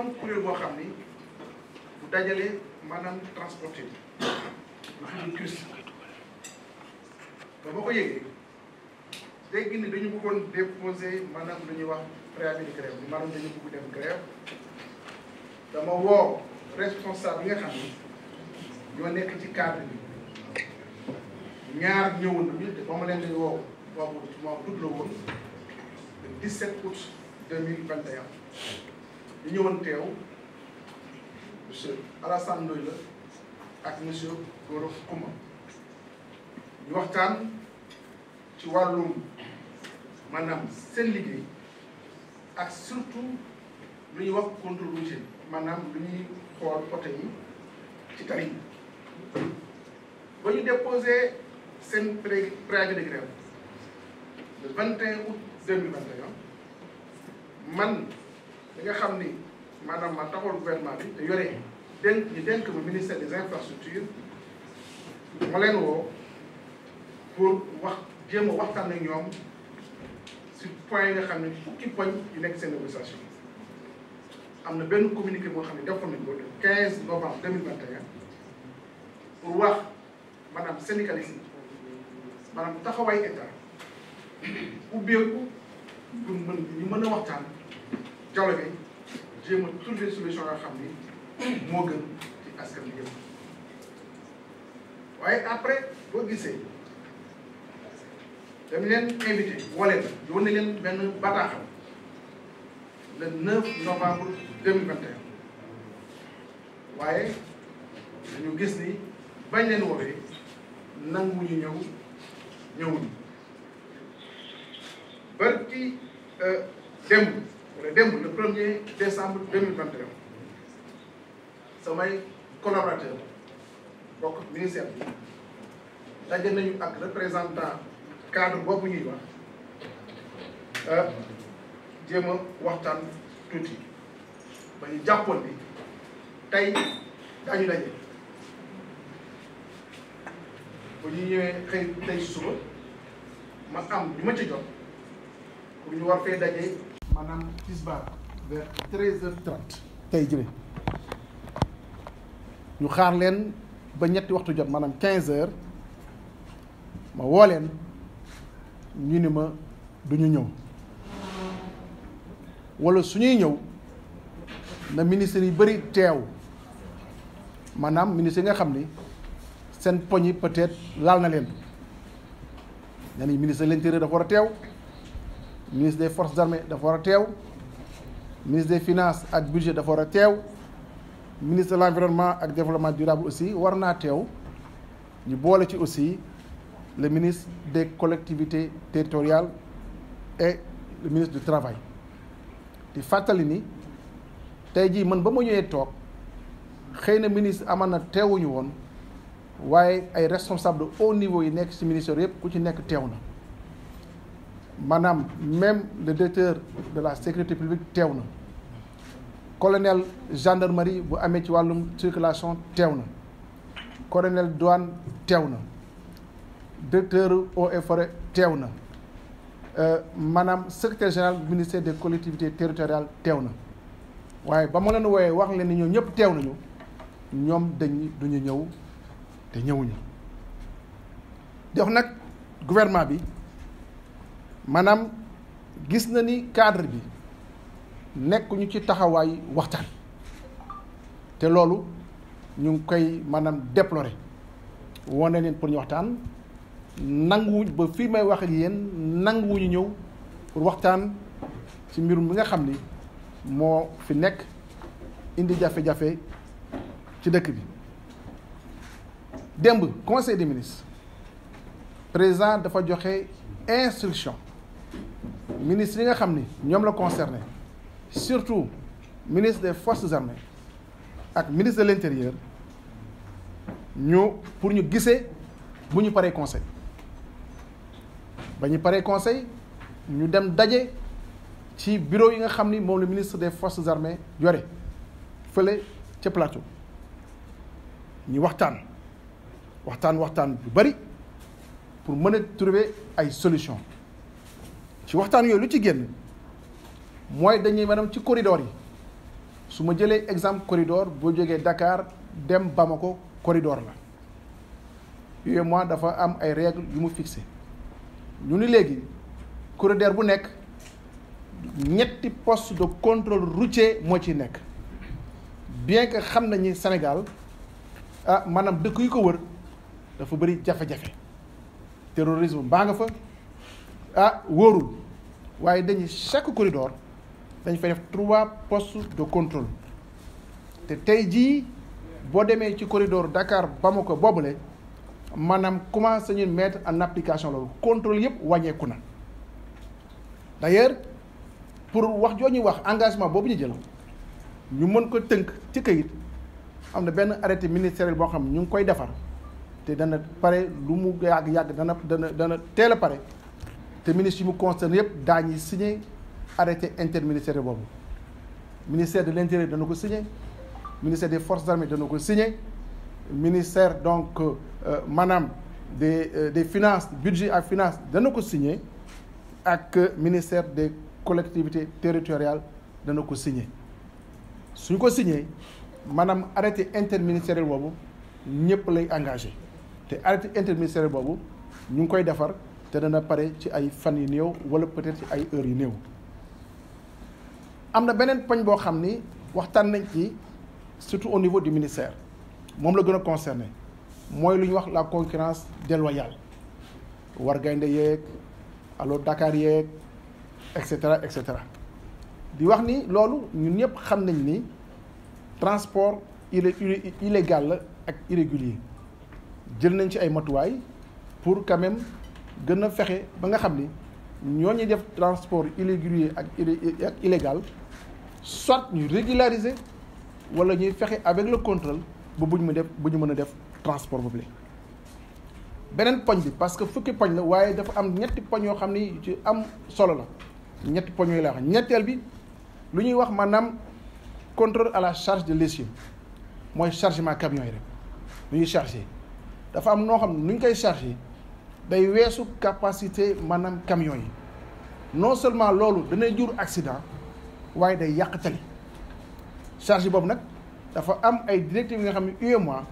dafa am kuréel boo xam ni bu dajale maanaam transporté bi lu tudd CRIS ba ma ko yëgee dégg ni dañu bëggoon déposé maanaam lu ñuy wax préavis de grève maanaam dem grève dama woo responsable yi nga xam ni ñoo nekk ci cadre bi ñaar ñëwoon bi ba ma leen di woo boobu moom tudd la woon le 17 août 2021 di ñëwoon teew monsieur Alassane Ndoye ak monsieur Gora Kouma ñu waxtaan ci wàllum maanaam seen liggéey ak surtout lu ñuy wax contrôle routier maanaam lu ñuy xool oto yi ci tali yi ñu déposé seen pré préavis de grève le 21 août 2021 man. li nga xam ni maanaam ma taxul gouvernement bi te yore dénk ñu dénk ma ministère des infrastructures ma leen woo wax jéem a waxtaan ak ñoom si point yi nga xam ne fukki poñ yu nekk seen négociation na benn communiqué boo xam ne defoon nañ ko le 15 novembre 2021 pour wax maanaam syndicaliste yi maanaam taxawaay état ubbeeku pour mën ñu mën a waxtaan. dialogue bi jéem a trouver solution yoo xam ni moo gën ci askan bi yëpp waaye après boo gisee dañ leen invité woo leen yónnee leen benn bataaxal le 9 novembre 2021 waaye dañu gis ni bañ leen woowee nanguwuñu ñëw ñëwuñu bari ci euh, démb wala démb le premier décembre deux mille vingt et un samay collaborateur bokk ministère daje nañu ak représentant cadre boobu ñuy wax euh, jéem a waxtaan tuuti ba jàppoon bi tey daañu daje bu ñu ñëwee xëy tey suba ma am ñu ma ci jot pour ñu war fee daje maanaam tisbaar vers treize tey jële ñu xaar leen ba ñetti waxtu jot maanaam quinze heures ma woo leen ñu ni ma duñu ñëw wala su ñuy ñëw na ministre yi bëri teew maanaam ministre yi nga xam ni seen poñ yi peut-être laal na leen nee nañ ministre de l'intérieur dafa war a teew ministre des force armées dafa war a teew ministre des finances ak budget dafa war a teew ministre de l'environnement ak développement durable aussi war naa teew ñu boole ci aussi le ministre des collectivités territoriales et le ministre du travail di fàttali ni tey jii man ba ma ñëwee toog xëy na ministre amaan na teewuñu woon waaye ay responsable de haut niveau yi nekk ci ministère yëpp ku ci nekk teew na maanaam même le directeur de la sécurité publique teew na colonel gendarmerie bu amee ci wàllum circulation teew na colonel douane teew na directeur eaux et forêt teew na euh, maanaam secrétaire général ministère de collectivités territoriale teew na waaye ba ma leen wooyee wax leen ni ñoom ñëpp teew nañu ñoom dañ duñu ñëw te ñëwuñu jox nag gouvernement bi maanaam gis na ni cadre bi nekkuñu ci taxawaay waxtaan te loolu ñu ngi koy maanaam déplorer wane leen pour ñu waxtaan nanguwuñ ba fii may wax ak yéen nanguwuñu ñëw pour waxtaan ci mbir bi nga xam ni moo fi nekk indi jafe-jafe ci dëkk bi démb conseil de ministres présent dafa joxe instruction ministre yi nga xam ni ñoom la concerné surtout ministre des forces armées ak ministre de l'intérieur ñu pour ñu gisee bu ñu paree conseil ba ñu paree conseil ñu dem daje ci bureau yi nga xam ni moom la ministre des forces armées yore fële ca plateau ñu waxtaan waxtaan waxtaan bu bari pour mën a trouver ay solution ci waxtaan yooyu lu ci génn mooy dañuy maanaam ci corridor yi su ma jëlee exemple corridor boo jógee dakaar dem ba ma Bamako corridor la UEMOA dafa am ay règles yu mu fixé ñu ni léegi corridor bu nekk ñetti poste de contrôle routier moo ci nekk bien que xam nañu Sénégal ah maanaam dëkk yu ko wër dafa bëri jafe-jafe terrorisme baa nga fa ah wóorul waaye dañu chaque corridor dañ fay def trois postes de contrôle te tey jii boo demee ci corridor Dakar ko boobule maanaam commencé ñu mettre en application loolu contrôle yëpp wàññeeku na d'ailleurs pour wax joo ñuy wax engagement boobu ñu jël ñu mën ko tënk ci kayit am na benn arrêté ministériel boo xam ñu ngi koy defar te dana pare lu mu yàgg yàgg dana dana dana teel a pare te ministre yi mu concerne yëpp daañu signé arrêté interministériel boobu ministère de l' intérieur dana ko signé ministère des forces armées dana ko signé ministère donc euh, euh, maanaam des euh, des finances budget ak finance dana ko signé ak ministère des collectivités territoriales dana ko signé suñ ko signé maanaam arrêté interministériel boobu ñëpp lay engagé te arrêté interministériel boobu ñu ngi koy defar te dana pare ci ay fan yu néew wala peut-être ci ay heure yu néew am na beneen poñ boo xam ni waxtaan nañ ci surtout au niveau du ministère moom la gën a concerné mooy lu ñu wax la concurrence déloyale wargaynde yeeg allo Dakar yeeg et cetera et cetera di wax ni loolu ñun ñëpp xam nañ ni transport illé illégal la ak irrégulier jël nañ ci ay matuwaay pour quand gën a fexe ba nga xam ni ñoo ñuy def transport irrégulier ak ak illégal soit ñu régulariser wala ñuy fexe avec le contrôle ba bu ñu mu def bu ñu mën a def transport boobu beneen poñ bi parce que fukki poñ la waaye dafa am ñetti poñ yoo xam ni ci am solo la ñetti poñ yooyu la wax ñetteel bi lu ñuy wax maanaam contrôle à la charge de l'essieu mooy chargement camion yi rek lu ñuy chargé dafa am noo xam ne nu ñu koy chargé day weesu capacité maanaam camion yi non seulement loolu danay jur accident waaye day yàq tali charge boobu nag dafa am ay directives yi nga xam ne e mois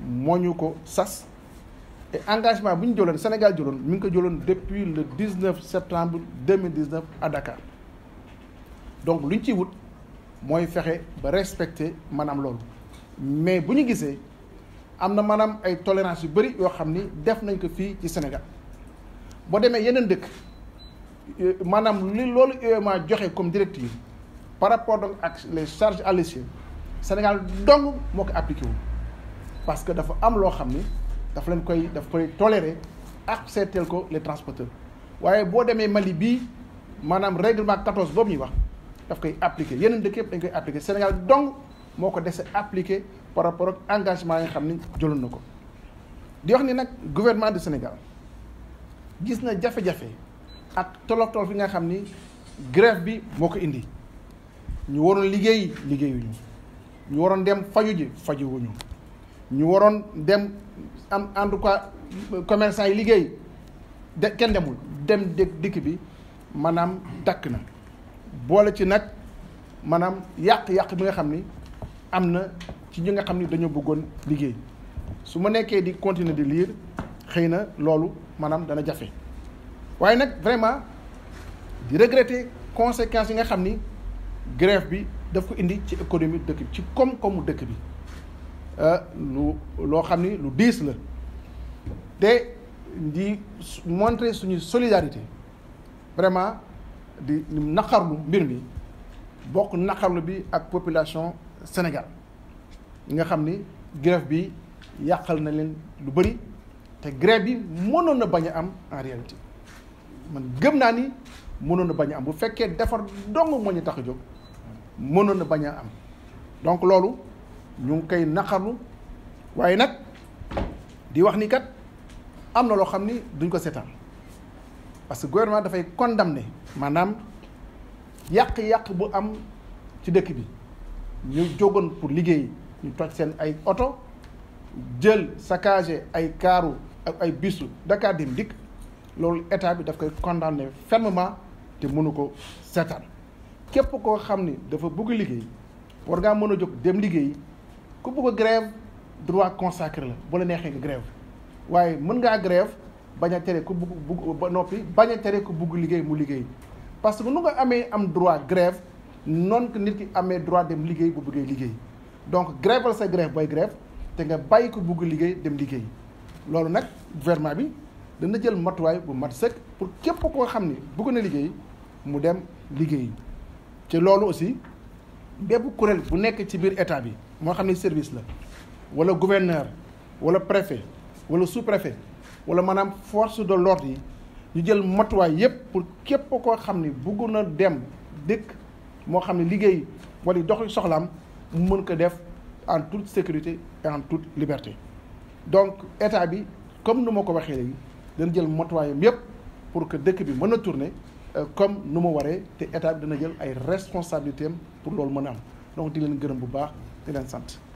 moo ñu ko sas et engagement bu ñu jëloon Sénégal jëloon mi ngi ko jëloon depuis le 19 septembre 2019 à Dakar donc lu ñu ciy wut mooy fexe ba respecter maanaam loolu mais bu ñu gisee. am na maanaam ay tolérance yu bëri yoo xam ni def nañ ko fii ci Sénégal boo demee yeneen dëkk euh, maanaam li loolu UEMOA joxe comme directive par rapport donc ak les charges à l'essieu Sénégal dong moo ko appliqué parce que dafa am loo xam ni dafa leen koy daf koy tolérer accepter ko les transporteurs waaye boo demee Mali bii maanaam règlement 14 boobu ñuy wax daf koy appliqué yeneen dëkk yëpp dañ koy appliqué Sénégal donc moo ko dese appliquer par rapport ak engagement yi nga xam ni jëloon na ko di wax ni nag gouvernement de Sénégal gis na jafe-jafe ak tolof tolof yi nga xam ni grève bi moo ko indi ñu waroon liggéey liggéeyuñu ñu waroon dem faju ji fajuwuñu ñu waroon dem am en tout cas commerçant yi liggéey de kenn demul dem dikk bi maanaam dakk na boole ci nag maanaam yàq-yàq bi nga xam ni am na ci ñi nga xam ni dañoo bëggoon liggéey su ma nekkee di continuer di liir xëy na loolu maanaam dana jafe waaye nag vraiment di regretter conséquence yi nga xam ni grève bi daf ko indi ci économie dëkk bi ci koom-koomu dëkk bi euh, lu loo xam ni lu diis la te di montrer suñu solidarité vraiment di naqarlu mbir mi bokk naqarlu bi ak population Sénégal nga xam ni grève bi yàqal na leen lu bëri te grève bi mënoon na bañ a am en réalité man gëm naa ni mënoon na bañ am bu fekkee defar dong moo ñu tax a jóg mënoon na bañ a am donc loolu ñu ngi koy naqarlu waaye nag di wax ni kat am na loo xam ni duñ ko seetal parce que gouvernement dafay condamné maanaam yàq-yàq bu am ci dëkk bi ñu jógoon pour liggéey. ñu toj seen ay oto jël saccagé ay kaaru ak ay bisu Dakar Dem Dikk loolu état bi daf koy condamné fermement te mënu ko satan képp koo xam ni dafa bugg liggéey war ngaa mën a jóg dem liggéey ku bëgg a grève droit consacré la bu la neexee nga grève waaye mën ngaa grève baña a tere ku bugg bugg ba noppi bañ a tere ku bugg liggéey mu liggéey parce que nu nga amee am droit grève noonu nit ki amee droit dem liggéey bu buggee liggéey donc grèveal sa grève booy grève te nga bàyyi ko bugg liggéey dem liggéey loolu nag gouvernement bi dana jël matuwaay bu mat sëkk pour képp koo xam ne bugg na liggéey mu dem liggéey ci loolu aussi bépp kuréel bu nekk ci biir état bi moo xam ne service la wala gouverneur wala préfé wala sous-préfet wala maanaam force de l'ordre yi ñu jël matuwaay yépp pour képp ko xam ne bugg na dem dëkk moo xam ne liggéey wala dox soxlaam mu mën ko def en toute sécurité en toute liberté donc état bi comme nu ma ko waxee léegi dana jël motuwaayam yépp pour que dëkk bi mën a tourner euh, comme nu ma waree te état bi dana jël ay responsabilité am pour loolu mën a am donc di leen gërëm bu baax di leen sant